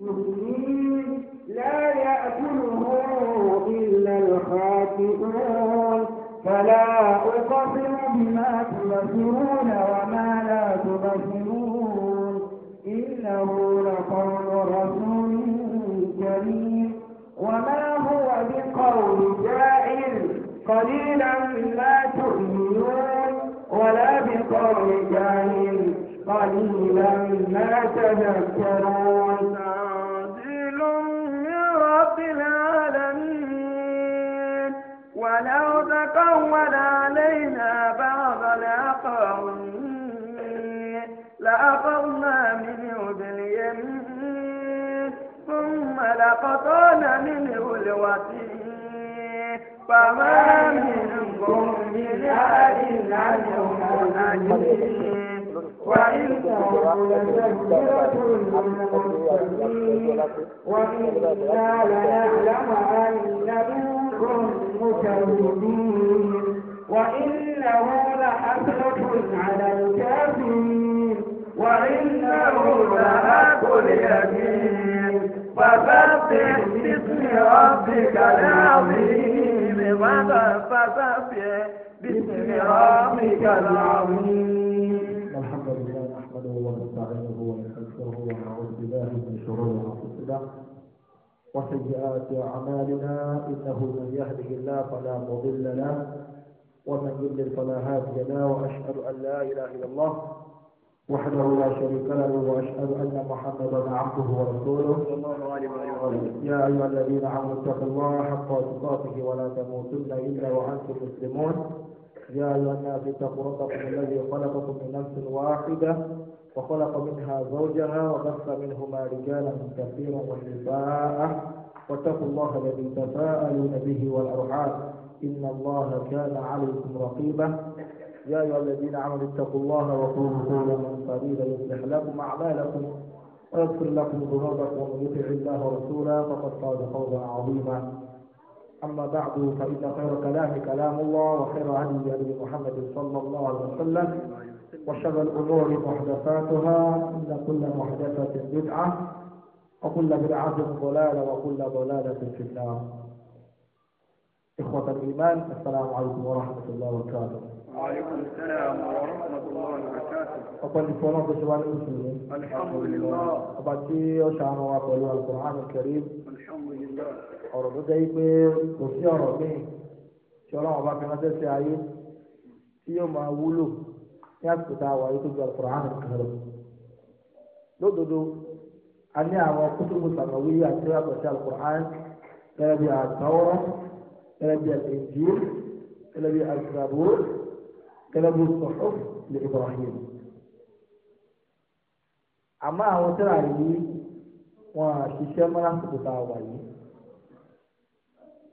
مسكين لا يأكله إلا الخاطئون فلا أقسم بما تبصرون وما لا تبصرون إنه لقول رسول كريم وما هو بقول جاهل قليلا ما تؤمنون ولا بقول جاهل قليلا ما تذكرون ولو تقول علينا بعض لأخذنا منه باليمين ثم لقطعنا منه الوتين فما منكم من أهل عنه أجمعين وإنا لنعلم أنه منكم مجاهدين وإنه لحسرة على الكافرين وإنه لحق اليمين فسبح باسم ربك العظيم فسبح باسم ربك العظيم الحمد لله نحمده ونستعينه ونستغفره ونعوذ بالله من شرور انفسنا وسيئات أعمالنا إنه من يهده الله فلا مضل له ومن يضلل فلا هادي له وأشهد أن لا إله إلا الله وحده لا شريك له وأشهد أن محمدا عبده ورسوله صلى الله عليه وسلم يا أيها الذين آمنوا اتقوا الله حق تقاته ولا تموتن إلا وأنتم مسلمون يا أيها الناس اتقوا ربكم الذي خلقكم من نفس واحدة وخلق منها زوجها وبث منهما رجالا كثيرا ونساء واتقوا الله الذي تساءلون به والأرحام إن الله كان عليكم رقيبا يا أيها الذين آمنوا اتقوا الله وقولوا قولا سديدا يصلح لكم أعمالكم ويغفر لكم ذنوبكم ومن يطع الله ورسوله فقد فاز فوزا عظيما أما بعد فإن خير كلام كلام الله وخير هدي هدي محمد صلى الله عليه وسلم وشر الأمور محدثاتها إن كل محدثة بدعة وكل بدعة ضلالة وكل ضلالة في النار إخوة الإيمان السلام عليكم ورحمة الله وبركاته وعليكم السلام ورحمة الله وبركاته أقول لكم ورحمة الله وبركاته الحمد لله أبعتي وشعر وقالوا القرآن الكريم الحمد لله أرد دايما وسيارة مين شرع وبعد ما تسعي يوم أولو ní àsìkò tá a wà yìí tó gba Al-Qur'an kan lọ. lódodo a ní àwọn kútùbù sàmàwí àti àgbàṣe Al-Qur'an gẹ́gẹ́ bí àtàwọ́rọ́ gẹ́gẹ́ bí Al-Injil gẹ́gẹ́ bí Al-Zabur gẹ́gẹ́ Suhuf li Ibrahim. àmọ́ àwọn tírà yìí wọn àṣìṣẹ́ mọ́ lásìkò tá a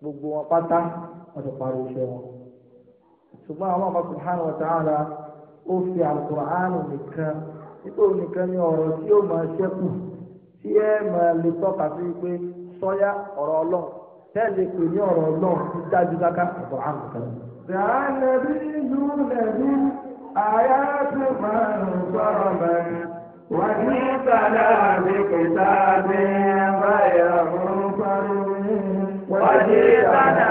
gbogbo wọn pátá wọn ti parí iṣẹ́ wọn ṣùgbọ́n àwọn ọmọ subhanahu wa ta'ala ó fi àkùránù nìkan nígbà onìkan ni ọ̀rọ̀ tí ó máa ṣẹ́kù tí ẹ máa lè tọ́ka sí pé sọ́yà ọ̀rọ̀ ọlọ́run tẹ́lẹ̀ pè ní ọ̀rọ̀ ọlọ́run ti dájú dáká àkùránù kan. bí inú àyà tó máa ń sọ̀rọ̀ Wọ́n ní sàdá báyà fún Wọ́n ní sàdá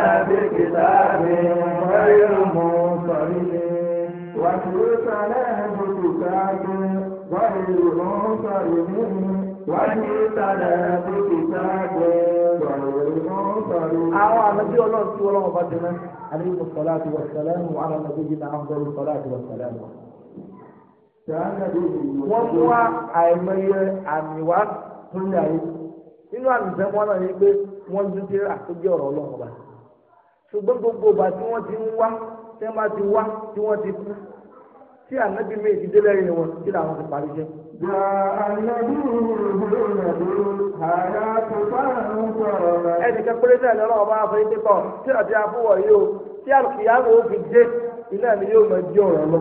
واتلوك على بكتاب غير منصرم واتلوك على بكتاب غير منصرم أعوى نبي الله سوى الله قدما عليه الصلاة والسلام وعلى نبينا أفضل الصلاة والسلام wọ́n mú wa àìmọye àmì wá tó ní ayé nínú àmì ìfẹ́ wọn náà ni pé wọ́n dúdú àtúnjẹ́ ọ̀rọ̀ ọlọ́run ọba ṣùgbọ́n gbogbo ìgbà tí wọ́n ti ń wá tẹ́ bá ti wá tí wọ́n ti kú tí ànábì mi ti délé ẹ̀yìn wọn kí làwọn ti parí jẹ́. ẹnìkan péré náà lọ́wọ́ bá fẹ́ ṣe pọ̀ tí àti àbúwọ̀ yìí o tí àlùkìyàwó fi dé iná ni yóò máa jí ọ̀rọ̀ lọ.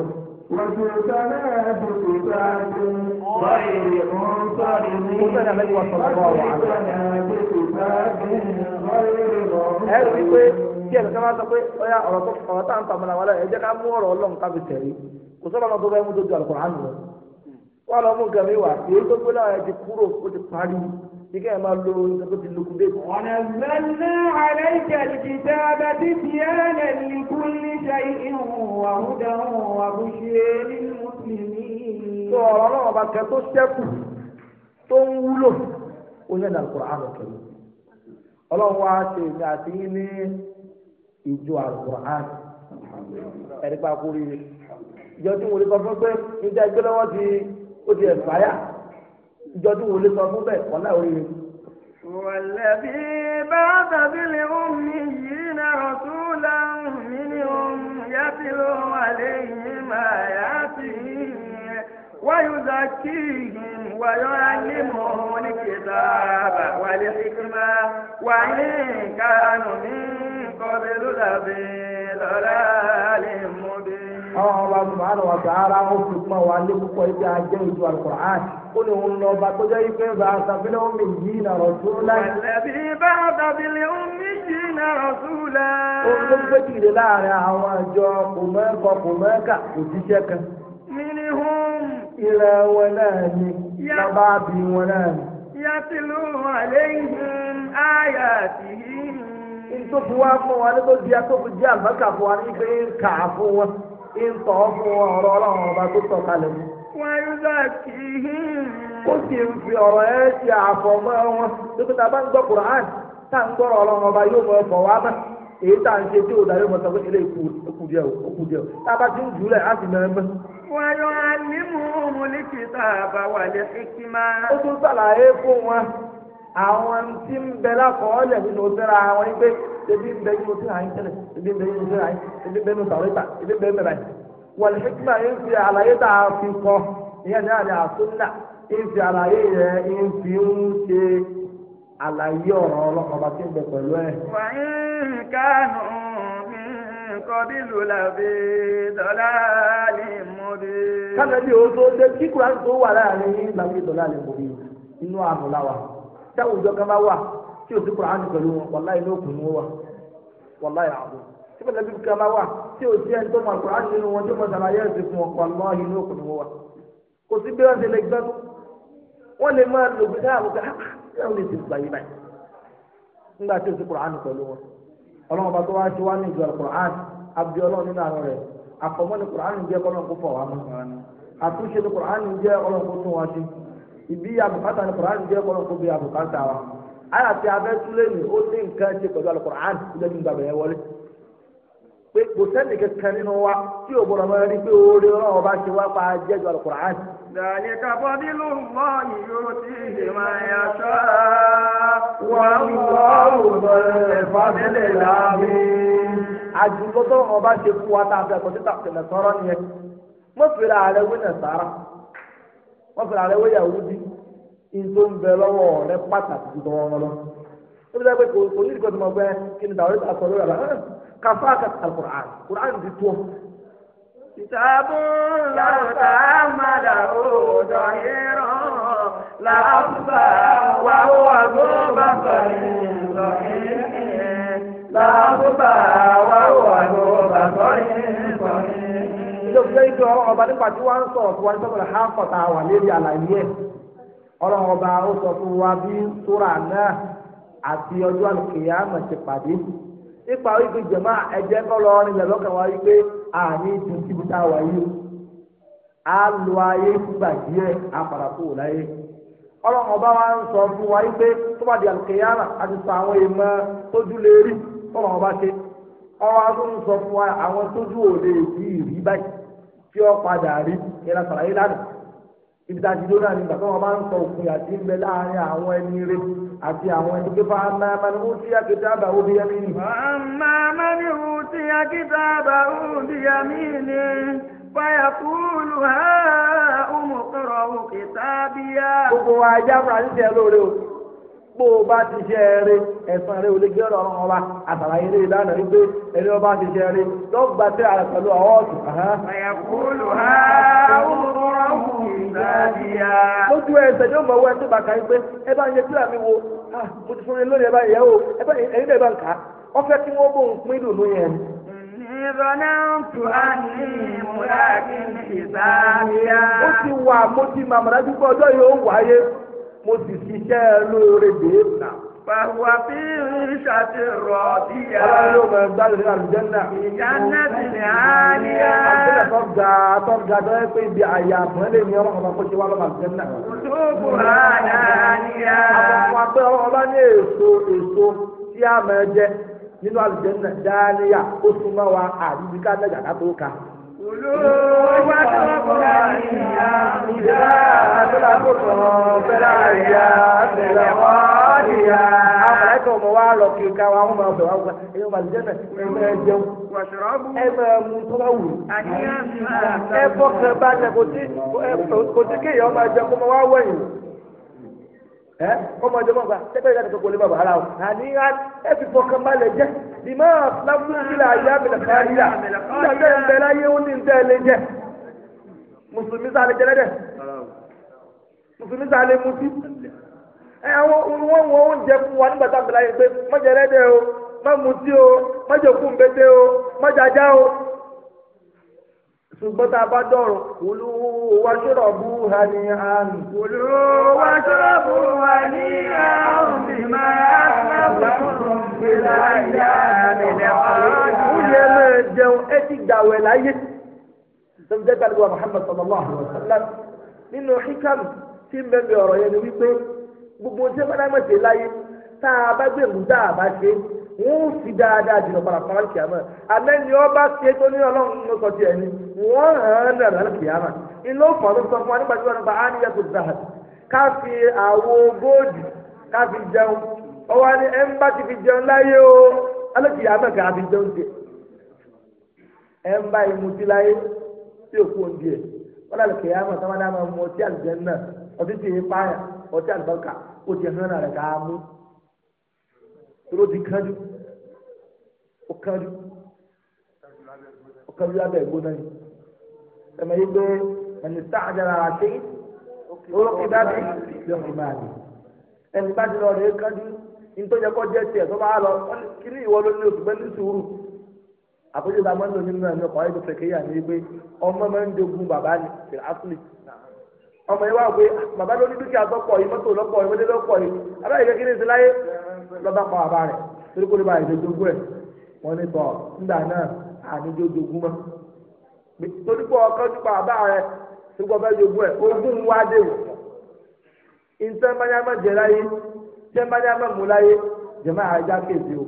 Ẹ̀rù wípé tí ẹnìkan bá sọ pé ọyá ọ̀rọ̀ tó ọ̀rọ̀ tá à ń tàmúlà wọlé ẹ jẹ́ ká mú ọ̀rọ̀ ọlọ́run ká fi tẹ̀lé kò sọ́dọ̀ ọmọ tó fẹ́ mú dojú àlùkùránì lọ. wọ́n lọ mú nǹkan mi wà èyí tó gbé náà ti kúrò ó ti parí ní kí ẹ máa lo nǹkan tó ti lu kúndé. ọ̀nà mẹ́lẹ́ àlẹ́ ìjẹ̀lìkì dáadáa ti fi ẹ̀rẹ́ nìkún ọlọ́run wá ṣe èmi àti yín ní ìjọ àlùkùrán ẹ̀rí pa kúrú yìí ìjọ tí wòlé sọ fún pé níta ẹgbẹ́ lọ́wọ́ ti ó ti ẹ̀fà yà ìjọ tí wòlé sọ fún bẹ́ẹ̀ kọ́ láwọn yìí. bá tàbí lè yìí náà rọ̀tún láwọn ni ó yá sí lóhùn àlẹ́ yìí máa yá sí i. ويزكيهم ويعلمهم الكتاب والحكمة وإن كانوا من قبل لفي ضلال مبين. Ọlọ́run ọba Sùmánù ọ̀sán ara ó fi pọ́n wa lé púpọ̀ ibi ajé ìjọ Al-Qur'an. Ó ní òun lọ bá tó jẹ́ ife bá a sàfihàn omi yìí nà rọ̀túnlá. Àlẹ́bí bá a sàfihàn omi yìí nà rọ̀túnlá. Ó ń tó gbèjìlé láàrin àwọn àjọ kò mẹ́kọ̀ọ́ kò mẹ́kà kò jíṣẹ́ kan. Mi ni hu kíra wọn náà ni lábá bí wọn náà ni. yàtìlú àléhùn àyà tì í. ntòfu wa wa nígbà tí a tó fi jẹ́ àlùbákà fún wa ní ibi ń ọ̀rọ̀ ọba wàyọ̀ alimuhu likitaba wal hikima. ó tún sàlàyé fún wọn àwọn tí ń bẹ lákọọ́lẹ̀ nínú sẹ́ra àwọn ẹgbẹ́ ebi ń bẹ nínú sẹ́ra yín tẹ́lẹ̀ ebi ń bẹ nínú sẹ́ra yín ebi ń bẹ nínú sàrẹ́ta ebi ń bẹ nínú bàyìí. wal hikima yín fi àlàyé tá a fi kọ ìyẹn ní àná àtúndà yín fi àlàyé yẹ yín fi ń ṣe àlàyé ọ̀rọ̀ ọlọ́kọ̀ọ́ba tí ń bẹ pẹ̀lú ẹ̀. wàá ń kánú kọ́bílù làbí dọ́là ní mọ́bí. kábẹ́ẹ̀dì o tó ṣe kí kuran tó wà láàrin yín làbí dọ́là ní mọ́bí inú àmọ́ la wà táwùjọ kan bá wà tí o ti kuran pẹ̀lú wọn wàlá inú òkun ya wà tí kan bá wà tí o ti ẹni tó mọ kuran nínú wọn tí o mọ sàlàyé ẹ̀sìn fún wọn wà kò sí bí wọ́n ti lè gbẹ́ wọ́n lè máa ah, ah, ká ọlọ́run ọba tó wá ti wá ní ìjọ alukur'an abdi ọlọ́run nínú àárọ̀ rẹ̀ àfọ̀mọ́ ni kur'an jẹ́ kọ́lọ́n kó fọ̀ wá mọ́ àtúnṣe ni kur'an jẹ́ ọlọ́run kó tún wá sí ibi àbùkátà ni kur'an jẹ́ kọ́lọ́n kó bí àbùkátà wa ayé àti abẹ́ túlẹ̀ ní ó ní nǹkan ṣe pẹ̀lú alukur'an ilé mi gbàgbé yẹn wọlé pé kò sẹ́ni kankan nínú wa tí ò gbọ́dọ̀ mọ́ ẹni pé oore ọlọ́run ọba ṣe wá pa jẹ́jọ alukur'an ذلك فضل الله يؤتيه من يشاء والله ذو الفضل العظيم àjùlọ tó ọba ṣe fún wa tá a fẹ́ tẹ̀lẹ̀ sọ́rọ́ nìyẹn fèrè ààrẹ sára fèrè ààrẹ ń bẹ lọ́wọ́ rẹ pàtàkì jù tọ́wọ́ wọn ó bí dábẹ́ kò ní ìdíkọ̀ tó mọ̀ pé kí ni sọ lórí àbá kàtàkùrán kùrán ti tó kìtàbù lọ́tà màdàwó dọ̀hírọ̀ làbùbà wà wà gbọ́bà sọ̀rin wà wà ọba sọ̀rọ̀ wà ọlọ́run ọba sọ bí náà àti ọjọ́ àlùkìyà mọ̀ pàdé. nípa wípé jẹ̀mọ́ ẹ̀jẹ̀ kọ́ lọ rìn lọ́kàn wá wípé àní ju síbi tá a wà yìí á lo ayé fúgbà díẹ̀ á padà kúrò láyé ọlọ́run ọba wa ń sọ fún wa wípé tó bá di àlùkìyàmà àti sọ àwọn èèmọ̀ tójú lè rí tọ́lọ́run ọba ṣe ọwọ́ agbóhùn sọ fún wa àwọn tójú ò lè rí rí báyìí tí ó padà rí ìlànà sàlàyé ibi tá a ti dóná nígbà tó wọn bá ń sọ òkun àti ń bẹ láàrin àwọn ẹni rẹ àti àwọn ẹni kéfà amáàmánu ó ti àkìtà àbà ó bíyá mí ni. amáàmánu ó ti àkìtà àbà ó bíyá mí ni fayakulu ha umukoro kìtàbíyà. gbogbo wa ajá fúra ní tiẹ̀ lóore o bó o bá ti ṣe eré ẹ̀sán eré olè gẹ́rọ ọ̀rọ̀ ọba àtàlàyé eré ìlànà wípé ẹni ọba ti ṣe eré lọ́ọ́ gba sí ààrẹ pẹ̀lú ọwọ́ ọ̀tún. ẹ̀yàkúlù ha ọ̀hún ìdájíyà. lójú ẹsẹ̀ yóò mọ̀ wọ ẹtí bàkà yín pé ẹ bá ń yẹ kílà mi wo ah, mo ti fún mi lónìí ẹ bá yẹ o ẹ̀yin náà bá ń kà á wọ́n fẹ́ kí wọ́n bóun pín dùnú yẹn. Ìrọ̀nàmùtù àní ìmúra kí n ṣì mo sì ṣiṣẹ́ lóore dèé nà. Fàwọn fi ríṣà ti rọ̀ bí ya. Ọlọ́run ló mọ̀ gbádùn sí àlùjẹ́nà. Ìjànà ni lè àlíyá. Àgbẹ̀lẹ̀ tó ga tó ga tó yẹ pé ibi àyà àbọ̀lẹ̀ ni ọlọ́run ọba kó ṣe wá lọ́wọ́ àlùjẹ́nà. Òṣùpù àdáníyá. Àwọn àpẹ ọba ní èso èso tí a máa jẹ nínú àlùjẹ́nà dáníyà ó súnmọ́ wa àyíká náà yàrá tó ka. Olúwa tó kọ́ àyíká ìdá kutub al-ayat al-ghaliya. àbẹ̀tọ̀ ọmọ wa lọ kí ká wa wọn máa bẹ̀ wá wọn ẹ̀yọ́ bàtí jẹ́ mẹ́ẹ̀ mẹ́ẹ̀ jẹun. ẹ máa mu tó bá wù. ẹ fọkàn bá jẹ kò tí kò tí kéèyàn máa jẹ kó máa wá wẹ̀yìn ẹ kọmọ ẹjọ mọba tẹtẹ ìyá tẹtẹ kọlẹ bàbá ara o àní jẹ lẹdẹ mùsùlùmí sá lè mutí ẹ àwọn wọn wọ oúnjẹ fún wa nígbà tá a bẹ̀rẹ̀ ayé pé mọ̀jẹ̀ ẹlẹ́dẹ̀ o má mutí o mọ̀jẹ̀ òkú mbẹ́tẹ́ o mọ̀jẹ̀ ajá o ṣùgbọ́n tá a bá dọ̀rọ̀ olú wa ṣọ́rọ̀ bú ha ní àrùn. olú wa ṣọ́rọ̀ bú ha ní àrùn ní máa sábàbùrùn gbéra ìyá àmìlẹ̀ ọ̀rọ̀. wúyẹ máa jẹun ẹ ti gbàwẹ̀ láyé. sọ́jà gbàdúrà Muhammad sallallahu alaihi wa sallam nínú hikam tí ń bẹ́ẹ̀ bí ọ̀rọ̀ yẹn ni wípé gbogbo tí wọ́n láyé tá a bá gbé ìlú tá bá ṣe wọ́n dáadáa jùlọ padà fún ṣe tó ní ọlọ́run tiẹ̀ ni wọ́n hàn án náà kìámà ilé òfò ló sọ fún wa nígbà tí wọ́n dáa ká fi àwo ká fi jẹun ni ẹ̀ ń ti fi jẹun láyé o alákìámà kà á fi jẹun tiẹ̀ láyé tí ọtí tí yìí ya, ọtí àlùbáríkà ó ti na rẹ̀ amụ mú ló ti kánjú ó kánjú ó ya lábẹ́ ìgbóná yìí ẹni tá a jẹrà àti olókè bá mi yọ kí máa ẹni bá ti lọ rẹ̀ kánjú nítorí tiẹ̀ tó bá lọ ìwọ ló ní oṣù ní sùúrù nínú ẹ̀mí ọkọ̀ ayélujára ní ọmọ bàbá fìlà ọmọ yìí wá gbé bàbá lórí dúkìá lọ́pọ̀ yìí mọ́tò lọ́pọ̀ yìí mọ́tò lọ́pọ̀ yìí abẹ́rẹ́ ìgbẹ́ kíni sí láyé lọ́ba pa bàbá rẹ̀ torí kó lè ba ẹ̀ wọ́n ní tọ̀ nígbà náà àníjó jogún mọ́ torí pé ọkọ̀ nípa bàbá rẹ̀ tó gbọ́ fẹ́ jogún ẹ̀ ogún wá dé wò ìtẹ́ mbáyámọ́ jẹ láyé tẹ́ mbáyámọ́ mú láyé àjà kéde o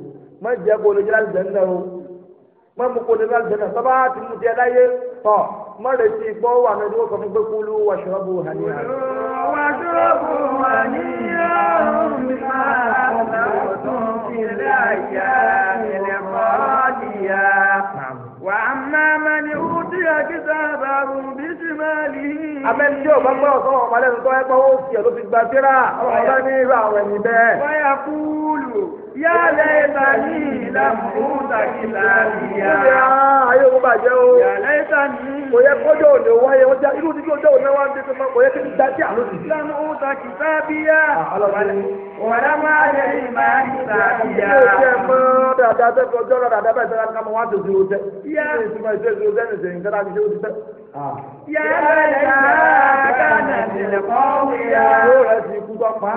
kó láti mọ̀rẹ̀ tí gbọ́ wà ní ìdúró kan fún pé kúlú wà ṣọ́ọ́bù hàní à. wà ṣọ́ọ́bù hàní à ń bá àgbà ọ̀tún ilé àyà ilẹ̀ fọ́ọ̀dìyà. wà á máa ma ní wúdí àkíta àbàrù bí sì máa lì í. abẹ́ni tí o bá gbọ́ ọ̀sán ọ̀pá lẹ́nu tó ẹ gbọ́ ó fi ẹ̀ fi gba síra ọ̀pá ní irú àwọn ẹ̀yìn bẹ́ẹ̀. wáyà kúlù yálẹ̀ ìtàní ìlàmú bàjẹ́ o. yàrá ìta ni. kò yẹ kọjọ òde wáyé wọn já irú nígbà òde òde wá ń tètè máa kò yẹ kí n da sí àlọ́ sí. ìlànà ó ta kìtà bíyà. Ah, wàlá máa yẹ ìmọ̀ àyíká bíyà. ilé iṣẹ́ mọ́ dáadáa tẹ́ kọjọ́ lọ dáadáa bẹ́ẹ̀ sẹ́ka ká mọ wá tètè o tẹ́. yàrá ìta kánà sílẹ̀ kọ́ọ̀wìyà. yóò rẹ̀ ti kú tọ́pa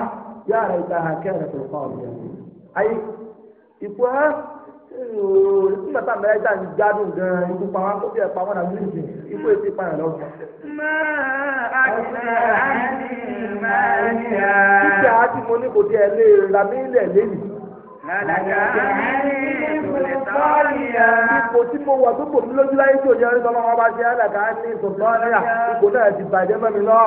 yàrá ìta kẹ́rẹ̀ tó kọ́ọ̀wìyà. ayi ìpò nígbà tá a mẹ́rẹ́ tá a ń gbádùn gan-an ikú pa wọn kókè pa wọn àti ìsìn ikú èsì pààyàn lọ. máa àgbà àti màníà. títí àti mo ní kò tí ẹ lé lami ilẹ̀ lẹ́yìn. lálàkà àti ìpínlẹ̀ tọ́lìyà. ipò tí mo wà tó kò mí lójú láyé tí òjò ẹ̀rọ wọn bá ṣe lálàkà àti ìpínlẹ̀ tọ́lìyà ipò náà ti bàjẹ́ mọ́ mi lọ.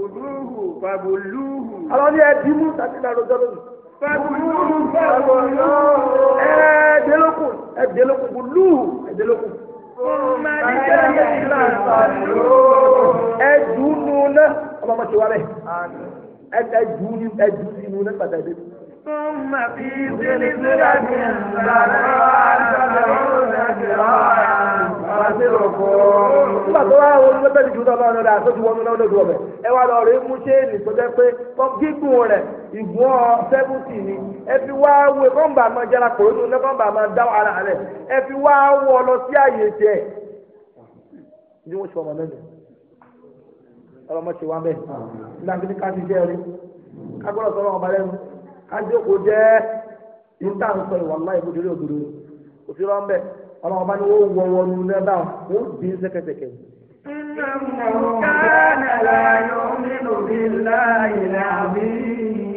òdúhù pàbòlúhù. alọ́ ní ẹ dìímù tàbí lálọ́jọ́ lónìí ẹ̀ẹ́dẹ́lókù ẹ̀ẹ́dẹ́lókù gbùlù ẹ̀ẹ́dẹ́lókù. ẹ̀dùnú náà ọmọ ọmọ ti wá bẹ́ẹ̀ ẹ̀dùnú náà pàtàkì. ثم في سلسلة ذرعها سبعون ذراعا nígbà tó wá wọn ló bẹ̀rẹ̀ jùlọ lọ́nà rẹ̀ àti ojúwọ́n náà lọ́dọ̀ ọ̀bẹ ẹ wá lọ rẹ̀ mú chéènì tó jẹ́ pé gígùn rẹ̀ ìgùn ọ sẹ́fùtì ni ẹ fi wá wé kọ́ńbà máa jẹ́ra kòrónù ní kọ́ńbà máa dá ara rẹ̀ ẹ fi wá wọ lọ sí àyè tiẹ̀. ní wọ́n ṣe ọmọ mẹ́rin ọlọmọ ṣe wá bẹ́ẹ̀ nígbà tí ká ti jẹ́ rí ká gbọ́dọ̀ sọ kájókòó jẹ́ níta ń sọ ìwà láì bójú lé òdodo ni kò sí rán bẹ́ẹ̀ ọlọ́wọ́n bá ní wọ́n wọ wọn nu náà dáhùn wọ́n dì í sẹ́kẹsẹ̀kẹ.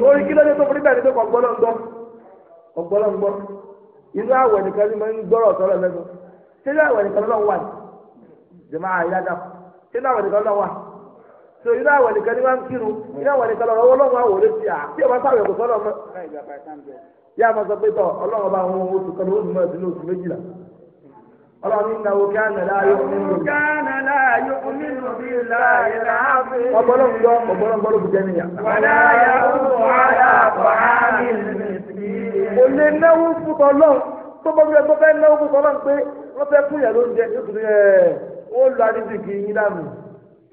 orí kí ló dé tó fún nígbà tó kọ gbọ́dọ̀ ń gbọ́ ọgbọ́dọ̀ ń gbọ́ inú àwẹ̀ nìkan ló máa ń gbọ́rọ̀ sọ́rọ̀ lẹ́nu ṣé àwẹ̀ nìkan ló wà ní jẹ̀máà yá dáhùn ṣé àwẹ̀ nìkan ló wà so irú a nìkan ni wọ́n ń kírun irú àwọn nìkan lọ́wọ́ ọlọ́run àwọn òde ti à tí ọba sáré kò sọ́dọ̀ mọ́. yá a máa sọ pé tọ ọlọ́run bá àwọn oṣù kan lóṣù mọ́ ẹ̀sìn lóṣù méjìlá. ọlọ́run ní ìnáwó kí á nà láàyò nínú. kánà láàyò nínú bí láàyè láàbí. ọgbọ́lọ́run gbọ́ ọgbọ́lọ́run gbọ́ ló fi jẹ́ níyà. wàlá yà ó wà á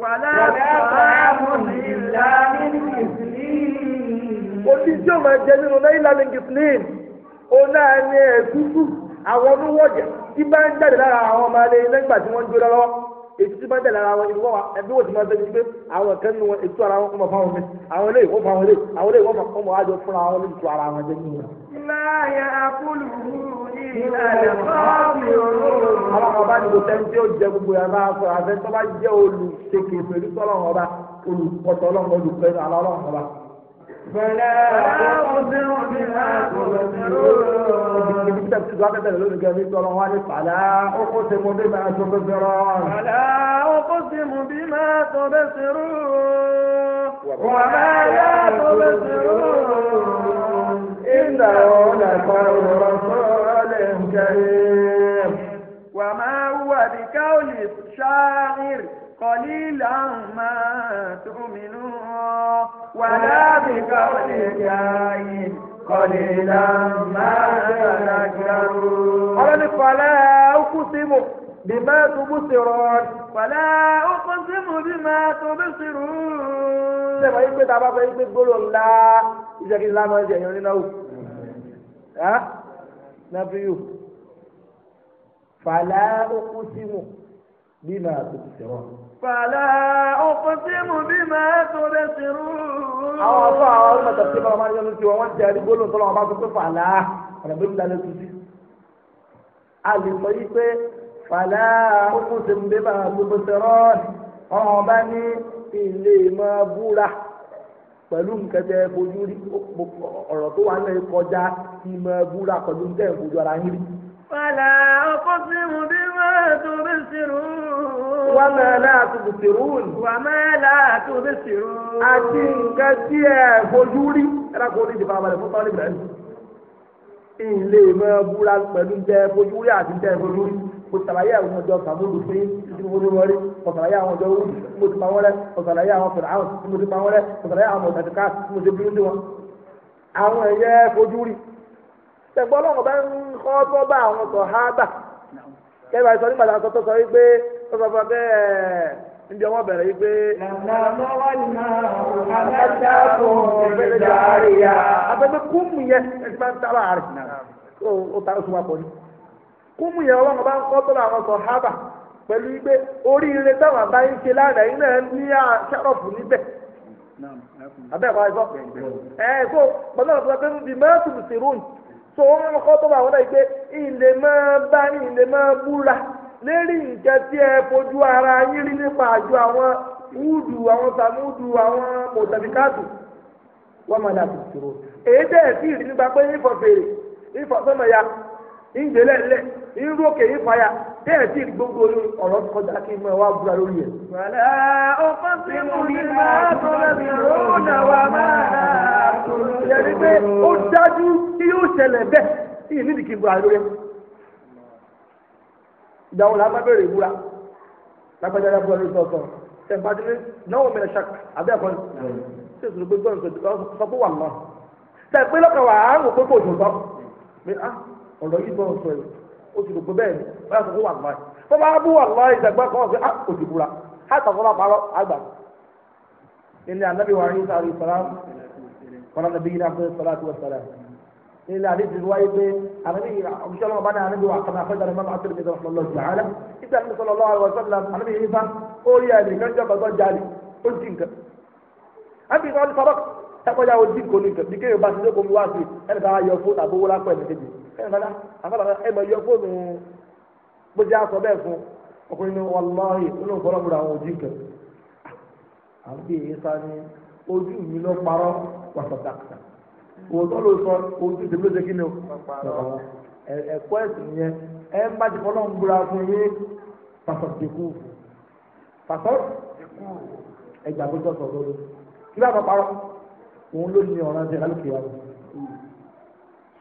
wàlá àbáàmù ìlà nínú ìsìn. Oṣù tí ó máa jẹ nínú náà ìlànà ìsìn òun náà ní ẹ̀ẹ́dúdú àwọn olówó ọ̀jẹ̀ tí bá ń jáde lára àwọn ọmọ alẹ́ nígbà tí wọ́n ń jó lọ́wọ́ ètò tí máa ń tẹ̀lé ara wọn ìwọ́ wa ẹbí wò ti máa ń tẹ̀lé pé àwọn kan nínú wọn ètò ara wọn kọ́ mọ̀ fáwọn mi àwọn ilé ìwọ́ fáwọn ilé àwọn ilé ìwọ́ mọ̀ kọ́ mọ̀ wájú fúnra wọn lórí ètò ara wọn jẹ́ nínú láyé akúlù ìlànà fáwọn ọ̀rọ̀. àwọn ọba ni kò sẹ́ni tí ó jẹ gbogbo yàrá sọ àfẹ́ tó jẹ́ olùṣèkè pẹ̀lú tọ́lọ́ فلا أقسم بما تبصرون كتاب سجاد تقول الجميع طلعوا فلا أقسم بما تبصرون فلا أقسم بما تبصرون وما لا تبصرون إنه لقول رسول كريم وما هو بقول شاعر قليلا ما تؤمنون ولا بقول جاهل قليلا ما تذكرون قال فلا أقسم بما تبصرون فلا أقسم بما تبصرون ṣé wàá yí pé tá a bá fẹ́ yí pé gbólóhùn ńlá iṣẹ́ kí ńlá máa ń ṣe nínú àwò nábíyù fàlà ó kú símù bímọ àtòkùtẹ̀wọ̀n. fàlà uqsimu bímọ àtòrẹ sírú. àwọn afọ àwọn ọmọ tàbí bá wọn máa ń yọnu sí wọn wọn jẹ àdìgbò lóun tó lọ wọn bá tó pé fàlà ọ̀nà bí wọn lálẹ́ tuntun. a lè sọ yìí pé fàlà uqsimu bímọ àtòkùtẹ̀wọ̀n ọ̀hún bá ní ilé máa búra pẹ̀lú nǹkan tẹ fojú rí ọ̀rọ̀ tó wà ní kọjá ìmọ̀ búra pẹ̀lú nǹkan tẹ fojú ara yín rí. فلا أقسم بما تبصرون وما لا تبصرون وما لا تبصرون àti nǹkan tí ẹ fojú rí ẹ̀rọ kò ní ìdìbò àbálẹ̀ fún tọ́lẹ̀ bẹ̀rẹ̀ ilé mọ búra pẹ̀lú jẹ fojú rí àti jẹ fojú rí mo ṣàlàyé àwọn ọjọ́ sàmúlù fún yín tí mo ní wọlé mo ṣàlàyé àwọn ọjọ́ wúlù tí mo ti pa wọ́n rẹ́ mo ṣàlàyé àwọn fèrè àwọn tí mo ti pa wọ́n rẹ́ mo ṣàlàyé àwọn ọ̀tàtìká tí mo ti bí wọn. àwọn ẹ̀yẹ fojú rí tẹ̀gbọ́n lọ́wọ́ bá ń kọ́ bọ́ bá àwọn sọ̀ há bà kẹ́bà sọ nígbà tó sọ sọ wípé tó sọ fún ọ ẹ̀ níbi ọmọ bẹ̀rẹ̀ wípé. àtẹ̀gbẹ́ kúmù yẹn ẹ̀sìn máa ń tara yẹn ọlọ́run bá ń kọ́ bà pẹ̀lú táwọn ṣe yìí náà ní níbẹ̀ abẹ́ ẹ̀kọ́ so wọn tó bá wọn náà pé ilé máa bá ilé máa búra lérí nǹkan tí ẹ fojú ara yín rí nípa àjọ àwọn wúdù àwọn sàmúdù àwọn mọ̀tàbíkàtù wọn máa dàbí tòrò èyí tẹ̀ sí nípa pé irú òkè yìí fàyà bẹ́ẹ̀ tí gbogbo ọ̀rọ̀ kọjá kí n mọ ẹwà búra lórí ẹ̀. wàlẹ́ ọkọ sí mu ní máa tó lẹ́bi ròónà wa máa tó lẹ́bi. yẹ́nì pé ó dájú tí yóò ṣẹlẹ̀ bẹ́ẹ̀ tí yìí nídìí kí n búra lórí ẹ̀. ìdáwó la bá bẹ̀rẹ̀ ìbúra lágbájá la búra lórí sọ̀tọ̀ ẹ̀ bá délé náwó mẹ́rẹ̀ ṣak àbẹ́ ẹ̀kọ́ ṣe sọ̀rọ̀ pé gbọ́n sọ pé wà ó ti gbogbo bẹ́ẹ̀ ni wọ́n yà sọ fún wàláì wọ́n bá bú wàláì ìdàgbà kan ah, ọ̀sẹ̀ á kò dìbò la á tà fọlá parọ́ àgbà. ilé anabi wa ayé sáré sàlám kọ́nà nàbí yìí nàbí sàlá tó sàlá ilé adé ti wáyé pé anabi ọ̀ṣọ́ lọ́wọ́ bá ní anabi wa kàmá àfẹ́jà nígbà máa tẹ̀lé ìdàgbà lọ́wọ́ jù àlẹ́ ìgbà níbi sọ̀rọ̀ lọ́wọ́ àwọn sọ̀rọ̀ anabi yìí fa ó rí àyè nìkan jọ bàbá jáde ẹ bàdá àfàlàfà ẹ mọ yọ fóònù gbọdọ àtọ bẹ́ẹ̀ fún ọkùnrin ní wàláhì nínú ìfọlọmùrà àwọn ojú kan àbí ìyẹsà ni ojú mi ló parọ́ wàsàdàkà òótọ́ ló sọ ojú tèmi ló ṣe kí ni o ẹ̀kọ́ ẹ̀sìn yẹn ẹ ń bá ti fọlọmùrà fún yín pàṣọdìkú pàṣọ ẹgbàgbọ́jọ́ sọ̀rọ̀ lórí kí ló àtọ̀ parọ́ òun ló ní ọ̀ràn jẹ lálùkè wa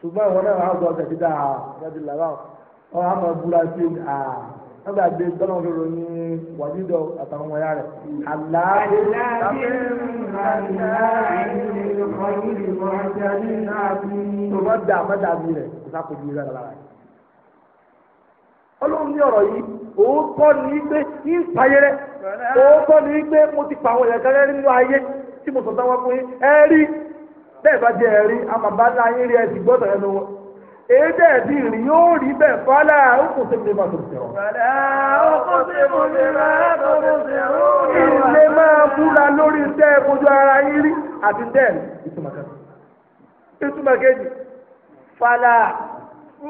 ṣùgbọ́n àwọn náà wàá gbọ́ ọ̀sẹ̀ títà àti làbá wọn wàá mọ̀ búra sí à wọ́n gbà gbé tọ́lọ́ tó lò ní wàjídọ̀ àtàwọn ọmọ ya rẹ̀. àlàáfíà tó bá dà má dàbí rẹ̀ kó sá kojú rẹ̀ lára rẹ̀. ọlọ́run ní ọ̀rọ̀ yìí òótọ́ ni pé ní ìpayẹrẹ òótọ́ ni pé mo ti pa àwọn ìyàgẹ́rẹ́ nínú ayé tí mo sọ̀tàn wọn fún yín ẹ rí i bẹ́ẹ̀ bá jẹ́ ẹ̀rí àmàbá náà ayé rí ẹ̀sìn gbọ́dọ̀ ẹnu wọn. èyí tẹ̀ ẹ̀dí rí yóò rí bẹ́ẹ̀ fọ́lá òkùn sí mi bá tó ṣe rọ. fọ́lá òkùn sí mi bá tó ṣe rọ. ilé máa búra lórí tẹ́ ẹ fojú ara yín rí àti tẹ́ ẹ̀ ìtumọ̀ kejì. ìtumọ̀ kejì fọ́lá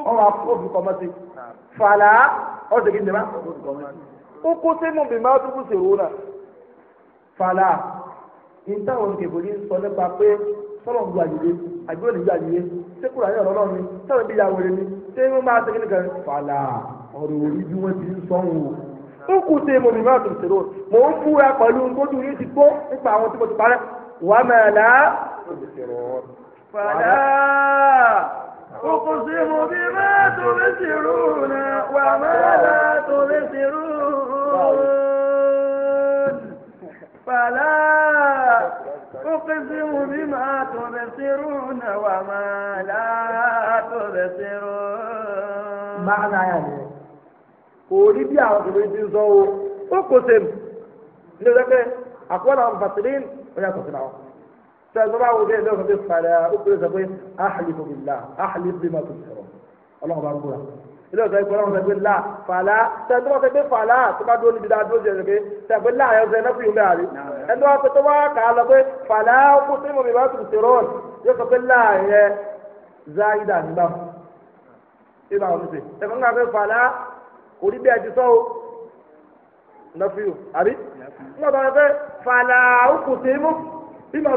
kọ́mọ́ sí fọ́lá ọ̀sẹ̀ kejì bá òkùn sí mi bá tó ṣe rọ náà fọ́lá ìtàwọn kèbòlì ń sọ nípa pé tọ́lọ̀ ń gba àyè àgbẹ̀ òní gba àyè ṣé kúrò àyè ọ̀rọ̀ mi sábà bí ìyá wẹ̀rẹ̀ mi ṣé wọ́n máa ṣe kíni kan fàlà ọ̀rọ̀ orí bí wọ́n ti ń sọ́hun o ó kù sí mo mi máa tó ṣèrò mò ń fúra pẹ̀lú tójú yín ti gbó nípa àwọn tí mo ti parẹ́ wà mẹ́ẹ̀lá fàlà ó kù sí mo mi máa tó ṣèrò. أقسم بما تبصرون وما لا تبصرون معنى يعني orí bí àwọn obìnrin ti ń sọ o ó kò sèm ní ọjọ́ pé àkọọ́lẹ̀ àwọn fàtìlín ọjà tó fìlà wọn. sọ ẹ sọ́ba àwùjọ ìlú ọ̀sán tó fàlẹ́ ó kéré sọ pé àhàlì fòmìlà àhàlì fòmìlà tó fìlà ọlọ́run bá ń búra ilé ọ̀sẹ̀ ìgbọ́n náà sọ pé là fàlà tẹ̀sí wọ́n sọ pé fàlà tó bá dúró níbi dáadúró ṣe ṣèké sọ pé là ẹ̀sẹ̀ náà fìyún bẹ́ẹ̀ àrí ẹni wọ́n sọ tó wá kà á lọ pé fàlà kú sí mi bá tù sí rọ́ọ̀n yóò sọ pé là yẹ záyidà nígbà fún ibà wọn ṣe ẹ fún kàfé fàlà kò rí bẹ́ẹ̀ ti sọ o náà fìyún àrí nígbà tó wọ́n fẹ́ fàlà kù sí mú bí màá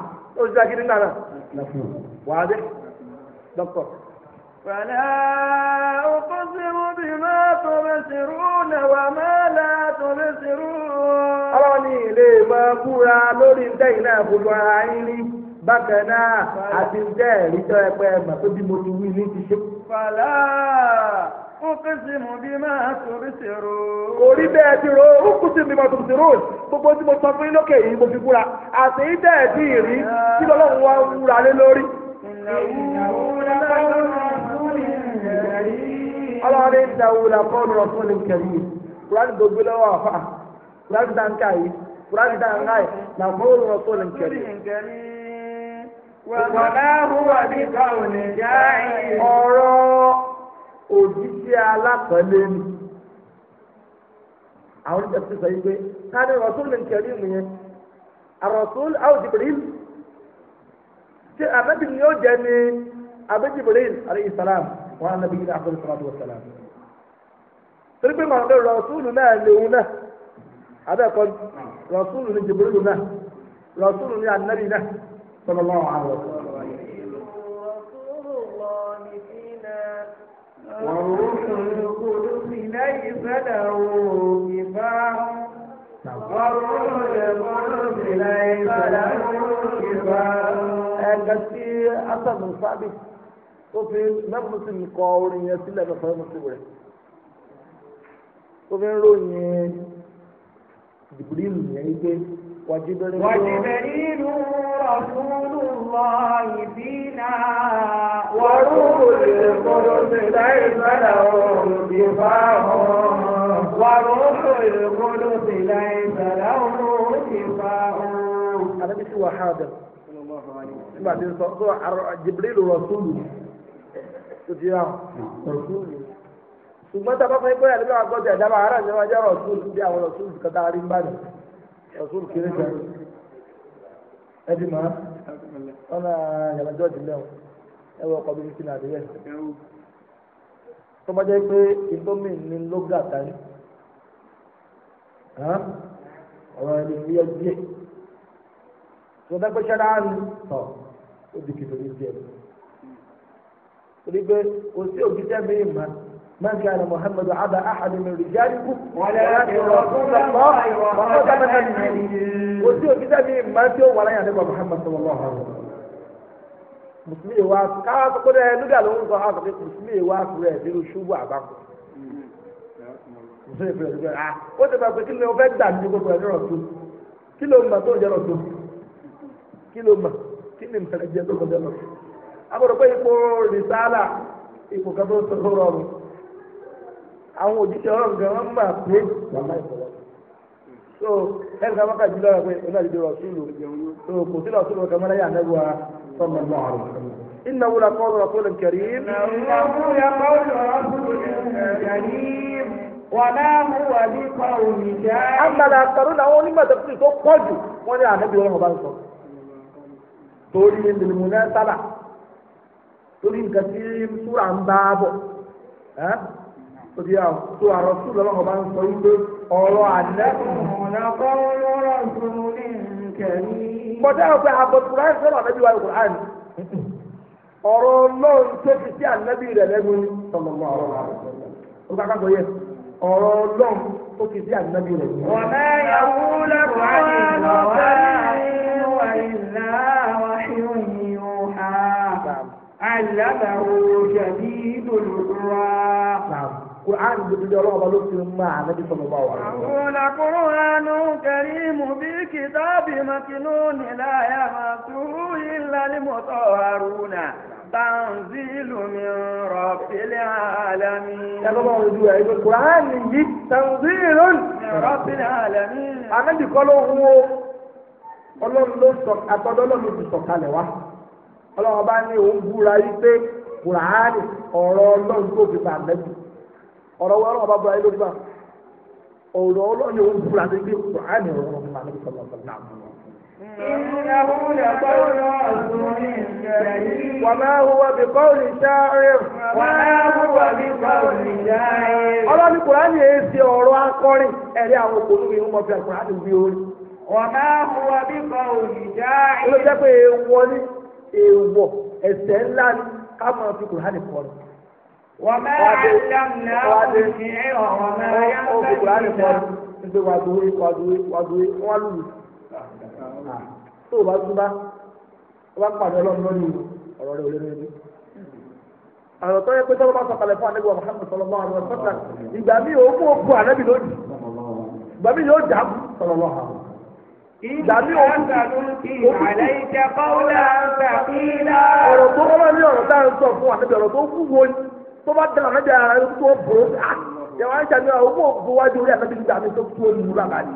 ó ti dákìrì náà wàá dé dọ́kítọ̀. فلا أقسم بما تبصرون وما لا تبصرون. ọlọ́run ní ilé máa búra lórí ntẹ́yìn náà fojú ara yín rí bákan náà àti ntẹ́ ẹ̀rí ẹgbẹ́ ẹ̀mà bí mo ti wí ní ti ṣe. fàlà. ọkùnrin bí máa tóbi ṣèrò. kò rí bẹ́ẹ̀ ti ro ọkùnrin bí máa tóbi ṣèrò gbogbo tí mo sọ fún yín lókè yìí mo fi búra lori. ìdẹ́ ẹ̀ tí ì rí kí lọ́lọ́run wá wúra lé lórí. ọlọ́run ń dáwó òjíṣẹ́ alápẹ̀lẹ́ ni àwọn oníṣẹ́ ti sọ yìí pé káni rọ̀súlù nkẹ́rì mu yẹn àrọ̀súlù àwọn Jibril ṣé àbẹ́bí ni yóò jẹ́ ni àbẹ́ Jibril alayhi salam wọn á nàbí yìí àkọlù sọ̀rọ̀ àdúrà sàlám torí pé màá ń bẹ rọ̀súlù náà léwu náà àbẹ́ẹ̀kọ́ rọ̀súlù ni Jibril náà rọ̀súlù ni ànábì náà sallallahu alaihi wasallam. وروح القدس ليس له كفاه وروح القدس ليس له كفاه ẹgbẹ́sí asanu sábì tó fi mẹ́fùsì kọ orin yẹn sílẹ̀ lọ́sọ̀ mọ́sí rẹ̀ tó fi ń ròyìn jìbìrì lù yẹn gbé وجبريل وجبريل رسول الله فينا وروح القدس ليس له كفاه وروح القدس ليس له كفاه هذا مش هو حاضر بعدين جبريل رسول رسول ṣùgbọ́n tá a bá fẹ́ gbọ́dọ̀ nígbà gbọ́dọ̀ ẹ̀dá máa rà ní ọjọ́ rọ̀ṣùn bí àwọn rọ̀ṣùn kan tá a rí ń rasul kiri kan ẹbí ma wọn náà yàgbẹ́jọ́ ti lẹ́wọ̀n ẹ wọ ọkọ̀ bíbí sínú àdéhẹ́ tó bá jẹ́ pé indomie ní lóga tani ọ̀rọ̀ ẹni ní yẹ díẹ̀ tó bá pẹ́ ṣẹ́ra ń tọ̀ ó di kìtìrì díẹ̀ torí pé kò sí òbí tẹ́ mi ìmọ̀. ما كان محمد عبا أحد من رجالكم ولكن رسول الله وخاتم النبيين وسيو كده مين ما ولا يعني محمد صلى الله عليه وسلم musulmi wa káwá sọ pé ẹ nígbà ló ń sọ àwọn sọ pé musulmi wa rẹ musulmi fẹrẹ nígbà ah ó ti máa pé kí ló ń fẹ́ gbà ní àwọn òjíṣẹ́ ọlọ́run gan wọ́n máa pé so ẹnì kan wákàtí lọ́wọ́ pé oní àdìdì rọ̀súlù so kò sí rọ̀súlù kan mọ́lá yà nẹ́gbọ́ wa sọ́mọ náà rọ̀ inna wula kọ́ọ̀lù rọ̀súlù karim. inna wula kọ́ọ̀lù rọ̀súlù karim wàlá huwa bí kọ́ọ̀lù ìjà. àmàlà àtàrún àwọn onímọ̀tò fún ìtò pọ̀jù wọ́n ní ànábì ọlọ́run bá ń sọ. torí ìdìbò òdi àwọn tó àrọ tó lọ́wọ́ ọba ń sọ wípé ọ̀rọ̀ àdẹ́kùn. bọ́dá ọ̀pẹ àbọ̀túrà ń sọ̀rọ̀ àbẹ́bí wa ìkùrọ̀ àná ọ̀rọ̀ ọlọ́run tó ti sí ànábì rẹ̀ lẹ́nu tọmọmọ ọ̀rọ̀ rẹ̀ ó ká kákó yẹ ọ̀rọ̀ ọlọ́run tó ti sí ànábì rẹ̀. ọ̀nà ìyàwó lẹ́kọ̀ọ́ àlàbàwò jẹ̀bí ìdòlùkúra. قرآن بدل الله بلوك مع النبي صلى الله عليه وسلم معقول قرآن كريم بالكتاب مكنون لا يمسه إلا المطهرون tanzilu min rabbil alamin. ẹgbẹ́ wọn ojú ẹ̀ ìgbẹ́ kuraani yìí tanzilu min rabbil alamin. anabi kọ́lọ́ wo ọlọ́run ló sọ àtọ́dọ́ ọlọ́run ti sọ̀kalẹ̀ wá ọlọ́run bá ní òun búra yìí pé kuraani ọ̀rọ̀ ọlọ́run tó fi bá anabi. ọ̀rọ̀ wọn ọlọ́run ọba búra yín bá ọ̀rọ̀ ọlọ́run yóò dị sí pé kùránì ọ̀rọ̀ ọ̀rọ̀ máa ní sọ̀rọ̀ sọ̀rọ̀ náà. إنه لقول رسول كريم ṣe ọ̀rọ̀ akọrin ẹ̀rí àwọn òkòlù wí orí. ó ló jẹ́ pé èèwọ̀ èèwọ̀ ńlá ni ká وما علمناه الشعر وما ينبغي gbé wa dúró wa dúró wa dúró wọn lù mí tó o bá túbá o bá pàdé ọlọ́run lórí ọ̀rọ̀ rẹ̀ olórí ẹbí. àrùn tó yẹ pé tọ́lọ́ bá sọ ìgbà mi ò mú òkú ànábì lónìí ìgbà mi yóò dà bù sallallahu alaihi ọ̀rọ̀ tó rọ́lọ́ ní ọ̀rọ̀ tá à ń sọ fún ànábì ọ̀rọ̀ tó kú wo ni tó bá dáná ọ̀nàjà ara yóò tó bò ó à ah, yàrá ń ṣàmì àwọn owó òbò wájú orí àtàbí nígbà mi tó tó lu bàbá ni.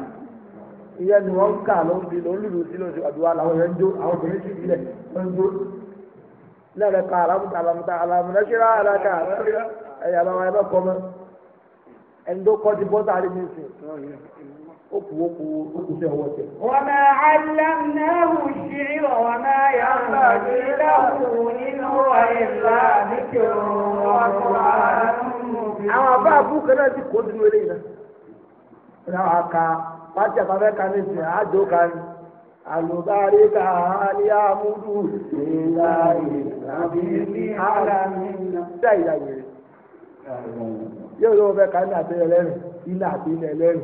ìyẹn ni wọ́n ń kà ló ń bi ló ń lùlù sí lóṣù àdúrà làwọn yẹn ń jó àwọn obìnrin sì sílẹ̀ ń jó. lẹ́rẹ̀ ká alamuta alamuta alamunasira alaka ẹ̀yà bàbá ẹ bá kọ́ mọ́ ẹni tó kọ́ ti bọ́tà àdé mi sìn. وما علمناه الشعر وما ينبغي له إن هو إلا ذكر وقرآن مبين. أما بابو كان ذكر إلينا. náà ka pàtí àfàfẹ́ kan ní sìn àjò kan àlùbárí ka ní àmúdù ìlà ìlàbí ní àlàmì ṣá yóò lọ́wọ́ fẹ́ ka ní àti ẹlẹ́rìn ilé àti ilé ẹlẹ́rìn.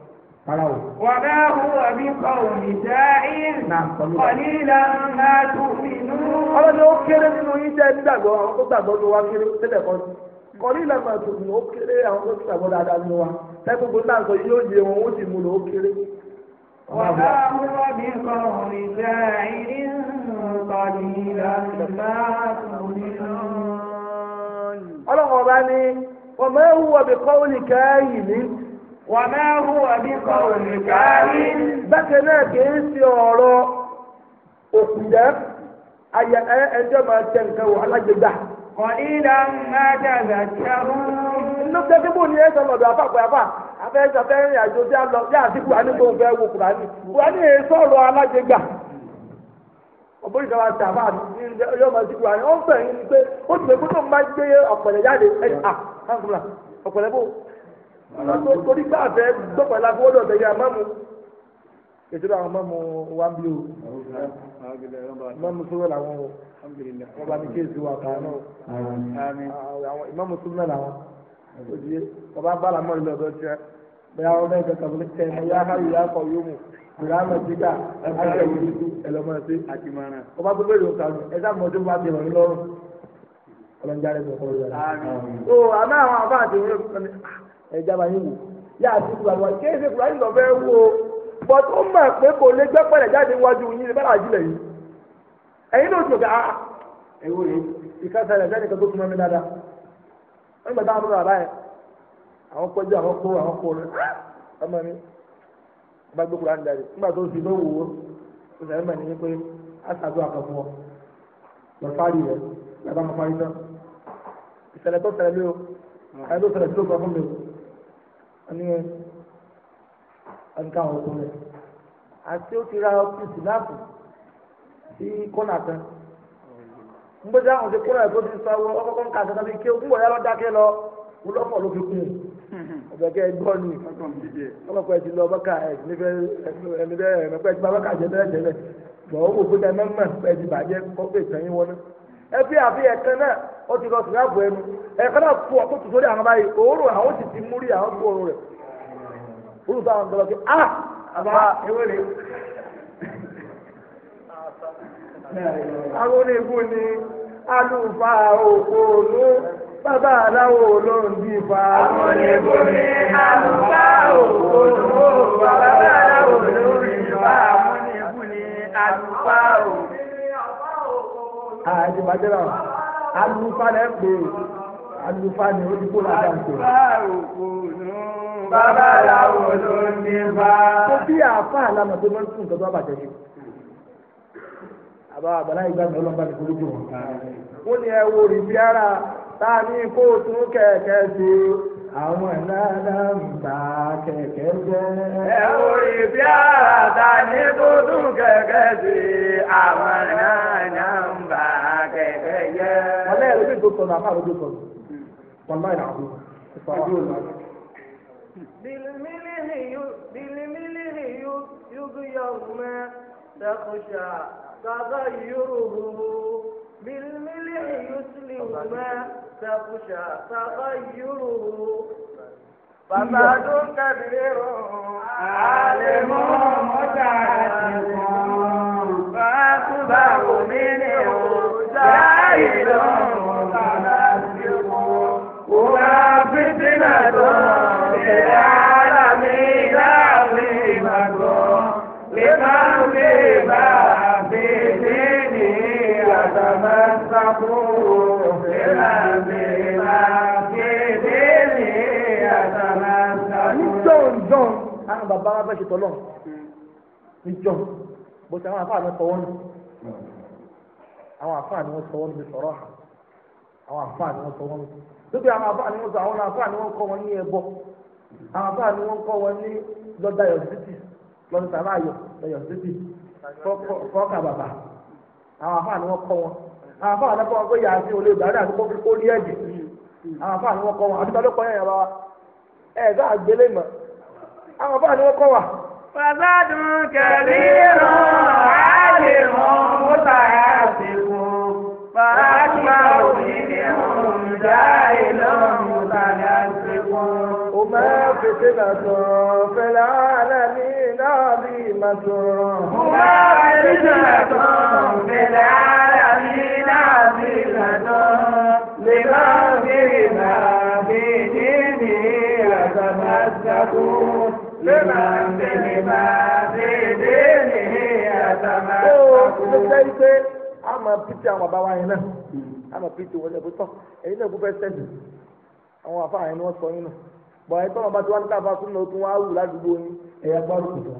Rárá o. Wàdà huwa bí ị ìdáhìn. Kọ̀lílà máa tún inú. Ọlọ́dún ó kéré nínú yín jẹ́ gbàgbọ́ àwọn tó gbàgbọ́ ló wá kéré tẹ́lẹ̀ kan. Kọ̀lílà máa tún inú ó kéré àwọn tó wàmẹ́ hùwà bí kò ní kárí. bákan náà kì í ṣe ndị òkùnjẹ́ ayẹ ẹ ẹjọ́ máa tẹ nǹkan wọ alájẹgbà. kọ̀lí la máa dàgbà kẹ́rù. inú kẹ́kẹ́ bò ní ẹ̀sán lọ́dọ̀ afáàpẹ́ afá afẹ́sẹ̀ fẹ́ rìn àjò ebe a máa pé ó ti kó tó ń gbé ọ̀pẹ̀lẹ̀ jáde ẹ̀ torí ká àfẹ gbọ́pọ̀ ẹ̀la fún ọdọ̀ tẹ̀yẹ àmọ́mu ètùtù àwọn bí o mọ́mu sọ́wọ́ làwọn o wọ́n bá ní kéésì wà kàn án àwọn ìmọ̀mù súnmọ́ làwọn òjì ọba bá làmọ́ ìlú ọ̀dọ́ tiẹ̀ bẹ́ẹ̀ àwọn bẹ́ẹ̀ kẹta fún ẹ̀ yá yá kọ̀ yóò mú àmọ̀ ẹ̀já máa yín wò yá àti kùránì wọn kéèsì kùránì lọ fẹ́ wò ó but ó mọ̀ pé kò lè gbẹ́ pẹ̀lẹ́ jáde wájú yín ní bẹ́ẹ̀ àjílẹ̀ yìí ẹ̀yin náà ah, ah, tó ga ẹ̀wọ̀ yìí ìkásá ẹ̀já nìkan tó kúmọ́ mi dáadáa wọ́n gbà táwọn àwọn kọjú àwọn àwọn ah, mi gbé nígbà tó wò ó ó pé lọ fárí tó lé o tó fún mi o. ní ẹnìkan ọ̀gbọ́n rẹ̀ àti ó ti ra ọtí sinapu sí kọ́nà kan ngbẹ́dẹ́ àwọn ti kọ́nà ẹ̀kọ́ ti sọ ọkọ̀kọ́ nǹkan àti ọ̀gbọ́n kí ó gbọ́ yàrá dákẹ́ lọ wúlọ́pọ̀ ló fi kún un gbọ́ ni ọlọ́pàá ti lọ bọ́kà ẹ̀ ó ti lọ sí àbò ẹnu ẹ̀kan náà fún ọ tó tù sórí àwọn báyìí òórùn àwọn ti múrí àwọn tó òórùn rẹ̀ a ah! àbá ewé rè àwọn onígun ni alùfáà òkú bàbá ló ń bí fa. àwọn onígun ni alùpà lẹ́ pè é alùpà ni ó ti kó láti àǹtò. bàbá làwọn ló ní bá. tó bí àáfà àlámà tó máa ń sùn tọ́jú àbàjẹ́ ni. àbá àbàlá ìgbà mi ọlọ́mọba ti forí jù wọn. ó ní ẹ wo rìbí ara tá a ní kóòtù kẹ̀kẹ́ sí i àwọn náírà ń ta kẹ̀kẹ́ jẹ́. ẹ ò rí bí àràtà ní bódú kẹ̀kẹ́ sí àwọn náírà ń ta kẹ̀kẹ́ jẹ́. wọlé ẹ̀rọ bí gbogbo ọ̀nà àbáwọ̀ gbogbo ọ̀nà wọlé ẹ̀rọ àwọn ìfọ̀ àwọn ìlú ọ̀nà. bìlìmìlì yúgúyọ̀ mẹ́ tẹkùṣà tàbá yúrù bùbù bìlìmìlì yúsìlì mẹ́. تخشى تغيره فساد كبير عالم متعلم فأكبر منه جاهل متمسك هو فتنة فتمسكوا بما بما bàbá wa ṣe tọ́lọ̀ ní bó ṣe àwọn àfáà ní sọ wọ́n àwọn àfáà ni wọ́n sọ wọ́n sọ̀rọ̀ àwọn àfáà ni wọ́n sọ wọ́n lóbi àwọn àfáà ni wọ́n sọ àwọn àfáà wọn ní ẹbọ àwọn àfáà ni wọ́n wọn ní lọ́dà àwọn afáà ni wọ́n kọ́ wọn àwọn àfáà lọ́kọ́ wọn pé yà sí olè ìgbà náà kó kó àwọn afáà ni wọn àti tọ́lọ́ kọ́ yẹn wa ẹ̀ bá àgbélé mọ̀ àwọn àfáà ni wa. kẹ̀lí هما فتنة في العالمين عظيمة هما فتنة في العالمين عظيمة لمن بنا في دينه يتمسكوا لمن بنا في دينه يتمسكوا a máa pìtì àwọn bàbá wa yẹn náà a máa pìtì wọlé ẹ̀bùtọ̀ ẹ̀yin náà kú fẹ́ sẹ́yìn àwọn àfáà yẹn ni wọ́n sọ yín náà. bọ̀ ẹ tọ́nà bá ti wá ní káfa súnmọ́ o tún wù ládùúgbò yín ẹ̀yà gbárùkù tó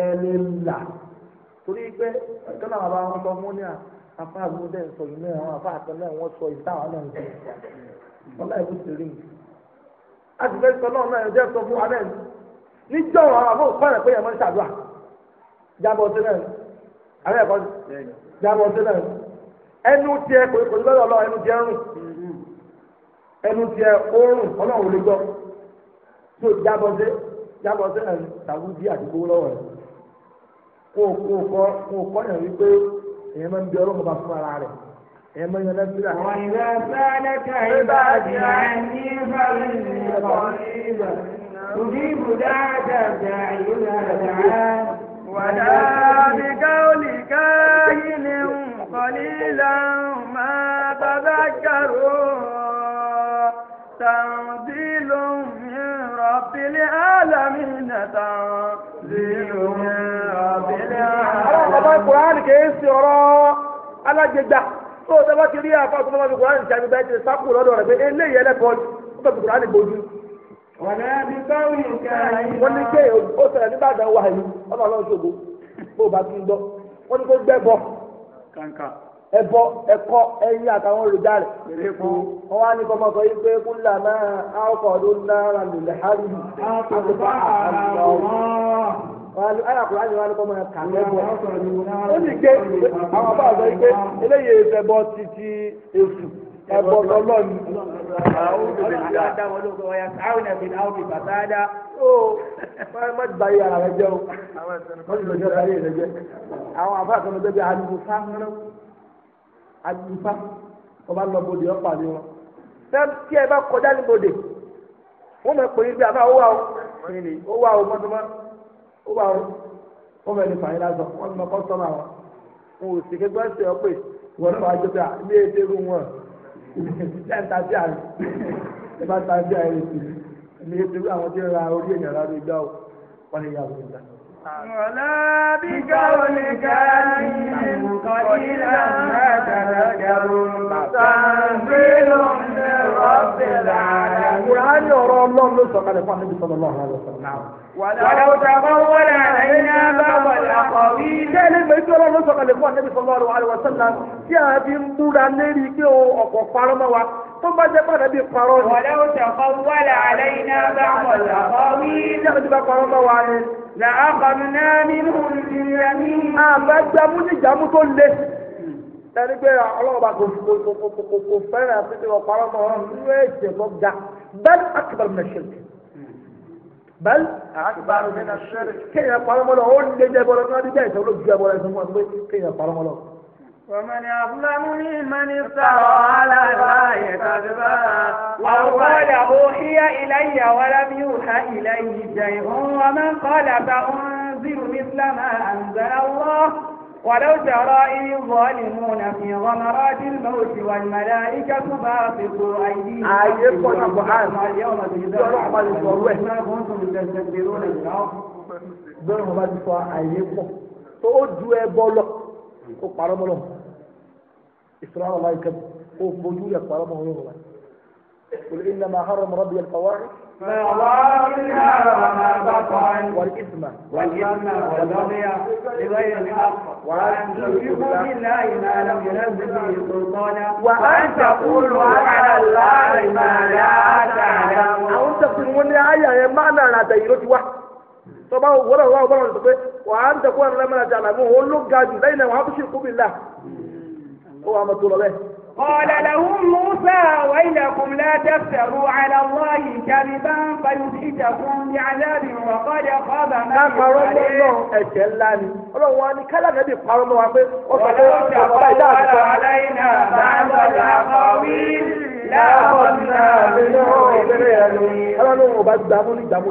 ẹ lè là torí pé kọ́nà bàbá wọn sọ fún ní yìí náà sọ náà ń sọ wọn mi. a ti fẹ́ sọ náà náà ẹ̀jẹ̀ sọ fún abẹ́ mi níjọ́ àwọn ẹnu tiẹ̀ oorun ọlọ́run lè gbọ́ tó jábọ́ sí jábọ́ sí ẹ̀ tàbí bí àdúgbò lọ́wọ́ rẹ̀ kó kó kọ́ kó kọ́ yẹn wípé èèyàn máa ń bí ọlọ́run fún ara rẹ̀ èèyàn máa ń yan lẹ́sílẹ̀. wọ́n yẹ sáré ká ibà jẹ́ ní ìfọ̀lẹ́sì ìfọ̀lẹ́sì ìfọ̀lẹ́sì ولا بقول كاهن قليلا ما تذكرون تنزيل من رب العالمين تنزيل من رب العالمين. ọlọ́run kùránì kìí ṣe ọ̀rọ̀ alágbègbà tó o dábàá ti rí àfa tó bá fi kùránì ṣàbí bá ti sápò lọ́dọ̀ rẹ̀ pé eléyìí ẹlẹ́kọ̀ọ́ ó bẹ̀ fi kùránì bójú. ẹbọ ẹkọ ẹyin àtàwọn èròjà rẹ. wọn wá ní kọ́mọ́ sọ yìí pé kúlà náà àkọ́dọ̀ náírà lòlẹ̀ hàrì àtùbà àtùbà ayàkùrọ̀ àyè wa ni kọ́mọ́ ẹ̀ka lẹ́bọ̀. ó sì ké àwọn àbá àgbà yìí pé eléyìí ìfẹ́bọ ti ti èsù ẹ̀bọ lọ́lọ́ọ̀ni. má ti báyìí ara rẹ jẹ́ o má ti lọ́jọ́ ara rẹ jẹ́ àwọn àbá àtọ́nudẹ́bí àdúgbò sáfúnrán àtúfà ọba lọ bòde ọ̀pá ni wọn tí ẹ bá kọjá ní bòde wọn mọ̀ pé ibi àbá ó wà ó ìní ó wà ó mọ́tọ́mọ́ ó wà ó wọn mọ̀ ní fàyín lásán wọn mọ̀ kọ́ sọ́mà wọn wọn ò sì kékeré ṣe ọ pé wọn náà wàá jọba ilé èdè rú wọn ìṣẹ́ ń sí àrùn ẹ sí àrùn ìṣèlú ilé èdè rú àwọn tí ń ra orí èèyàn rárá ìgbà wọn ni ìyàwó ìgbà náà. ولا بقول كاهن قليلا ما تذكرون تنزيل من رب العالمين وهل يرى الله لسه النبي صلى الله عليه وسلم ولو تقول علينا بعض الاقاويل كلمة يرى الله قال النبي صلى الله عليه وسلم يا بن بولا ليري كي ọ̀pọ̀ parọ́ mọ́ wa tó bá jẹ́ pàdé bíi parọ́ ni. wọ́n lẹ́wọ̀n tẹ̀kọ́ wọ́lẹ̀ àlẹ́ iná bá wọ̀ lọ́kọ́ wí là á kàmí náà nínú ìrìnà ní. àgbà gbàmú ní ìjàmú tó le tẹ́lẹ̀ pé ọlọ́ọ̀bà kò kò fẹ́ràn àti tí wọ́n parọ́ mọ́ ọ̀rọ̀ nínú ẹ̀jẹ̀ lọ ga bẹ́ẹ̀ akíbalù mi ṣe bẹ́ẹ̀ akíbalù mi ṣe kéèyàn parọ́ mọ́ lọ ó lé jẹ́ bọ́lá tó wá dé bẹ́ẹ̀ sọ ló ju ẹ bọ́lá ẹ̀ sọ fún wa pé kéèyàn parọ́ mọ́ lọ. ومن أظلم ممن افترى على الله كذبا أو قال أوحي إلي ولم يوحى إليه شيء ومن قال فأنزل مثل ما أنزل الله ولو ترى إذ الظالمون في غمرات الموت والملائكة باسطوا أيديهم اليوم تجزون ما كنتم تستكبرون الأرض. bẹ́ẹ̀ wọ́n bá ti fọ àyè pọ̀ tó ju ẹbọ lọ. kó parọ́ mọ́ lọ́wọ́ ìsirá ọ̀la ìkẹ́bù kó fojú rẹ̀ parọ́ قل إنما حرم ربي الفواحش ما ظاهرها وما بطن والإثم والإثم والبغي بغير الحق وأن تشركوا بالله ما لم ينزل به سلطانا وأن تقولوا على الله ما لا تعلمون أو تقولون يا أيها معنى لا تيرت tọba wọlé wọlé wọlé tó pé wà á ń tẹ̀kọ́ ẹ̀rọ lẹ́mọ̀ náà jàlá mú òun ló ga jù lẹ́yìn náà wà á tún ṣe kú mi là ó wà á mọ̀ tó lọ lẹ́yìn. قال لهم موسى ويلكم لا تفتروا على الله كذبا فيسحتكم بعذاب وقد خاب من ẹ̀ṣẹ̀ ńlá ni Ọlọ́run wa ni kálá nàbí parọ́ mọ́ wa pé ó sọ pé Ọlọ́run ọba gbàmú ní gbàmú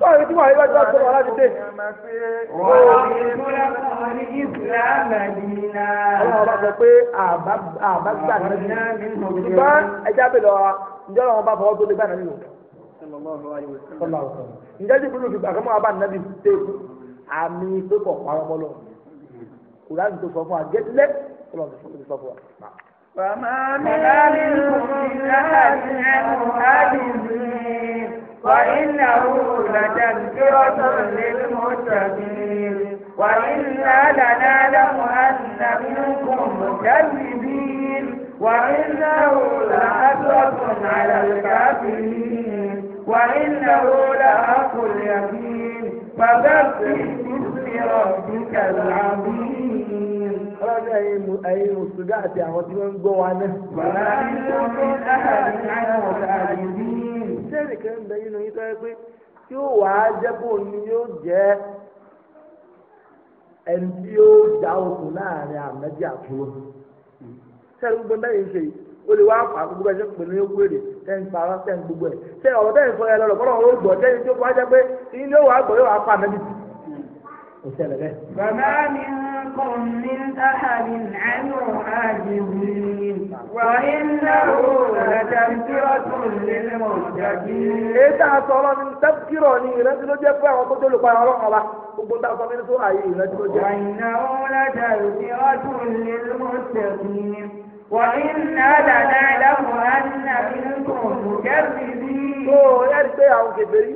báwo tí wàá yẹ bá ti sọ̀rọ̀ láti dé. wọ́n ní múra kan ní islam àdínà. ọlọ́run bá sọ pé àbá gbà náà ní ìmọ̀lẹ́. ṣùgbọ́n ẹja bẹ̀ lọ́wọ́ ǹjẹ́ ọlọ́run bá fọwọ́ tó lé gbà náà nínú. ǹjẹ́ jù búrú fi gbàgbọ́ máa bá nàbì tẹ́ àmì pé kò parọ́ mọ́ lọ. kùránì tó sọ fún wa gẹ́tìlẹ́ ọlọ́run tó sọ fún wa. فما منكم من أحد عنه أجمعين وإنه لتذكرة للمتقين وإنا لنعلم أن منكم مكذبين وإنه لحسرة على الكافرين وإنه لحق اليقين فسبح باسم ربك العظيم أنا أي مصدعتي يا وجه من جوانا ولا من أحد عنه الآيين ẹnìkan ń bẹ nínú yín sọ́yẹ́ pé yóò wá jẹ́ bó ni yóò jẹ́ ẹni tí yóò já okùn láàrin àmẹ́jì àbúrò sẹ́ni gbogbo bẹ́ẹ̀ ń ṣe o lè wá pa gbogbo ẹ̀ṣẹ̀ pẹ̀lú ewúrẹ́ rẹ̀ tẹ́ni para tẹ́ni gbogbo ẹ̀ sẹ́ni ọ̀rọ̀ tẹ́ni sọ ẹ lọ́rọ̀ bọ́lá ọ̀rọ̀ gbọ́ tẹ́ni tó wá jẹ́ pé ilé wa gbọ́ yóò wá pa àmẹ́jì tì kò ṣẹlẹ̀ bẹ́ẹ̀. bàbá mi ń kọ́ ní sáhàbì àánú àjèjì wà iná o làtàkìrọ̀ tún lè mọ̀ jàdí. èyí tá a sọ ọlọ́ni tẹ́kìrọ̀ ni ìrẹsì ló jẹ́ fún àwọn tó tó lè pa ọlọ́run ọba gbogbo tá a sọ nínú tó ààyè ìrẹsì ló jẹ́. wà iná o làtàkìrọ̀ tún lè mọ̀ jàdí. wà iná làdá ìdáhùn àná ìlú kò kẹ́sì bí. tó o yẹ́rì pé àwọn kèfèrí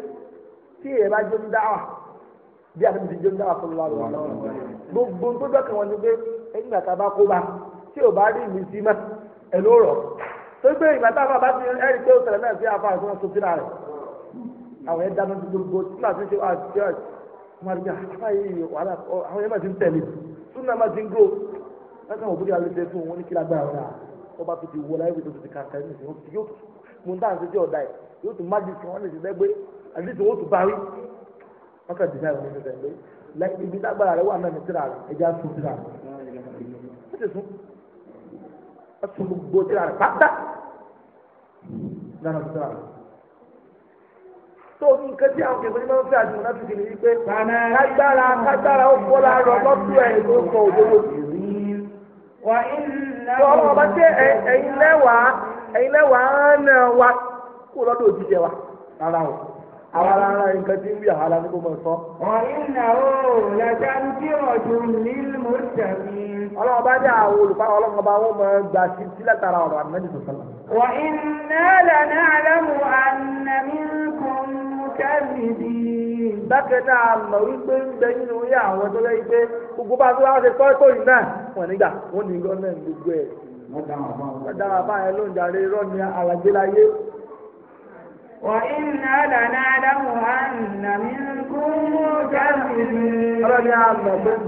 tí èèyàn bá jó ń dá wà bí àti ìdíje ń dára fún lọ́wọ́ gbogbo tó dọ́kàn wọn ni pé ẹ̀yìn àti abá kó bá tí ò bá rí ìmísí mọ́ ẹ̀ ló rọ̀ tó gbé ìgbà tá a fà bá ti ẹ̀rí pé ó ṣẹlẹ̀ náà sí àfa àti wọn tó síra rẹ̀ àwọn ẹ̀dá náà ti gbogbo tí màá ti ṣe wá àti ṣe wọn rí ah, àfa yìí wàhálà àwọn yẹn máa ti ń tẹ̀lé súnà máa ti ń gbó lọ́sàn òbí rẹ̀ alẹ́ fún wọn ní kí lágbára rà wọ́n bá fi ti wọ láyé tó ti kàkà ẹ̀ ní ìsìn yóò tún mú wọ́n kàn dìbò àwọn ènìyàn pé lẹ́yìn ibi tágbára rẹ̀ wà náà ní tíra rẹ̀ ẹja sùn tíra rẹ̀ ó ti sùn ó sùn gbogbo tíra rẹ̀ pátá lánàá tíra rẹ̀ tó nǹkan tí àwọn kèfé máa ń fẹ́ àti mọ̀nà tuntun ni wípé kágbára kágbára ó bọ́ wa wa àwọn ará nǹkan tí ń wí àhàlà ní gbogbo sọ. ọ̀yìnà o làjà ń kí ọ̀dùn nílùú tẹ̀mí. ọlọ́run bá dé àwọn olùpàá ọlọ́run bá wọ́n máa gbà sí sílẹ̀ tara ọ̀rọ̀ àmì وإنا لنعلم أن منكم مكذبين bákan náà mọ̀ wípé ń bẹ nínú yá àwọn tó lẹ́yìn pé gbogbo bá tó wá ṣe kọ́ tó yìí náà wọ́n nígbà wọ́n ní lọ́nà gbogbo ẹ̀. وإنا لنعلم أن منكم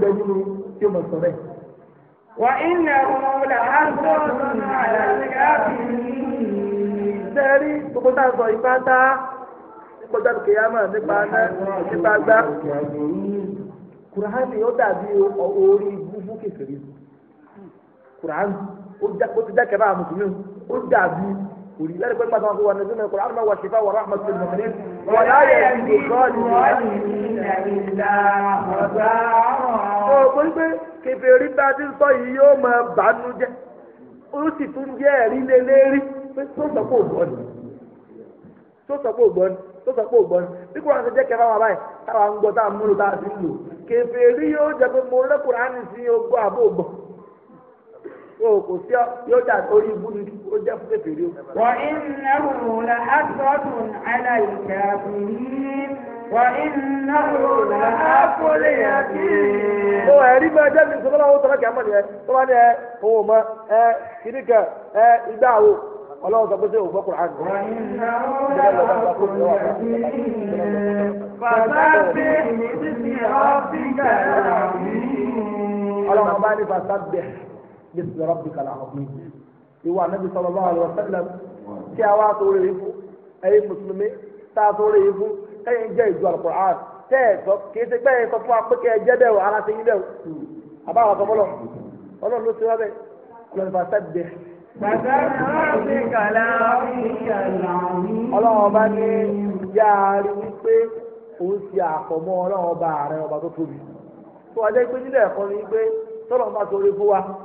مكذبين. وإنه لحسن على الكافرين. kọjá lókè yá máa nípa nípa gbá. Kùránì ó dàbí orí gbúgbú kékeré. Kùránì ó ti dákẹ́ àmùsùlùmí ó dàbí ولذلك كل ما هو نزول القرآن هو الشفاء ورحمة للمؤمنين ولا يزيد الظالمين إلا خسارا. kèfèrí bá ti sọ yìí yóò máa bàánú jẹ́ ó sì tún jẹ́ ẹ̀rí lélẹ́rí pé tó sọ pé ògbọ́n ni tó sọ pé ògbọ́n ni tó sọ pé ògbọ́n ni bí kúrò àti jẹ́ kẹfà wà báyìí táwa ń gbọ́ táwa ń múlò táwa ti ń lò kèfèrí yóò jẹ́ pé mo rẹ́kùnrin á ní sí ogbó àbó ògbọ́n o kò sí yóò dà orí ibú ni ó jẹ́ fún kékeré o. wà iná òòlà àtọ́dún aláìka yìí wà iná òòlà àkọlẹ̀ àti. ó ẹ̀rí bá ẹjẹ́ mi sọ́kọ́lá owó tọ́lá kí a mọ̀ nìyẹn tó bá ní ẹ òun mọ ẹ kiri kẹ ẹ igbá wo ọlọ́run sọ pé sí ògbọ́ kùrán. wà iná bàbá bẹ́ẹ̀ ni títí ọ́fíìkà rà mí. ọlọ́run bá ní bàtà bẹ́ẹ̀ bísí rọ́bì kàlà ọ̀hún. ìwà anábì sallallahu alaihi wasallam kí a wá sóore yìí fún ẹ̀yin mùsùlùmí tá a sóore yìí fún kẹ́yìn jẹ́ ìjọ Al-Qur'an tẹ́ ẹ̀ sọ kì í ti pẹ́ ẹ̀ sọ fún wa pé kẹ́ ẹ jẹ́ bẹ́ẹ̀ o ara ti yín bẹ́ẹ̀ o àbá wa sọ fọlọ́ ọlọ́run ló ti wá bẹ́ẹ̀ ọlọ́run fà sẹ́ẹ̀ bẹ́ẹ̀. ọlọ́run ọba ní yáàrí wípé òun ti àfọ̀mọ́ ọlọ́run ọba ààrẹ ọba tó tóbi tó wájú pé nílẹ̀ ẹ̀kọ́ ni wípé tọ́lọ́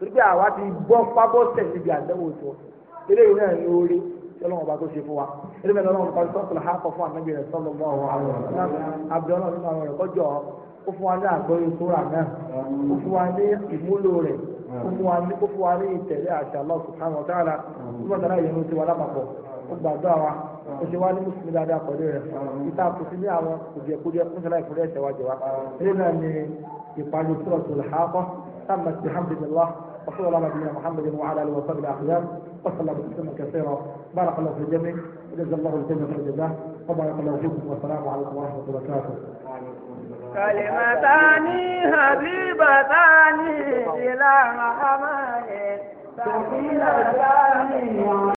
torí be àwa ti gbọ́ pábọ́sẹ̀ níbi àdánwò tó eléyìí náà ní orí tọ́lọ́wọ́n bá tó ṣe fún wa eré bẹ́ẹ̀ lọ́wọ́n bá tó sọ̀rọ̀ hàkọ́ fún àtẹ́gbẹ́ rẹ̀ sọ́lọ́ bá wọn àwọn ọ̀rọ̀ abdul ọlọ́run nínú àwọn ọ̀rọ̀ kọjọ́ ó fún wa ní àgbọ́yé a náà ó fún wa ní ìmúlò rẹ̀ ó fún wa ní ìtẹ̀lé àṣà ha وصلى الله على نبينا محمد وعلى اله وصحبه الاخيار وصلى الله تسليما كثيرا بارك الله في الجميع وجزا الله الجنه والجزاء وبارك الله فيكم والسلام عليكم ورحمه الله وبركاته كلمتان حبيبتان إلى محمد تقيلتان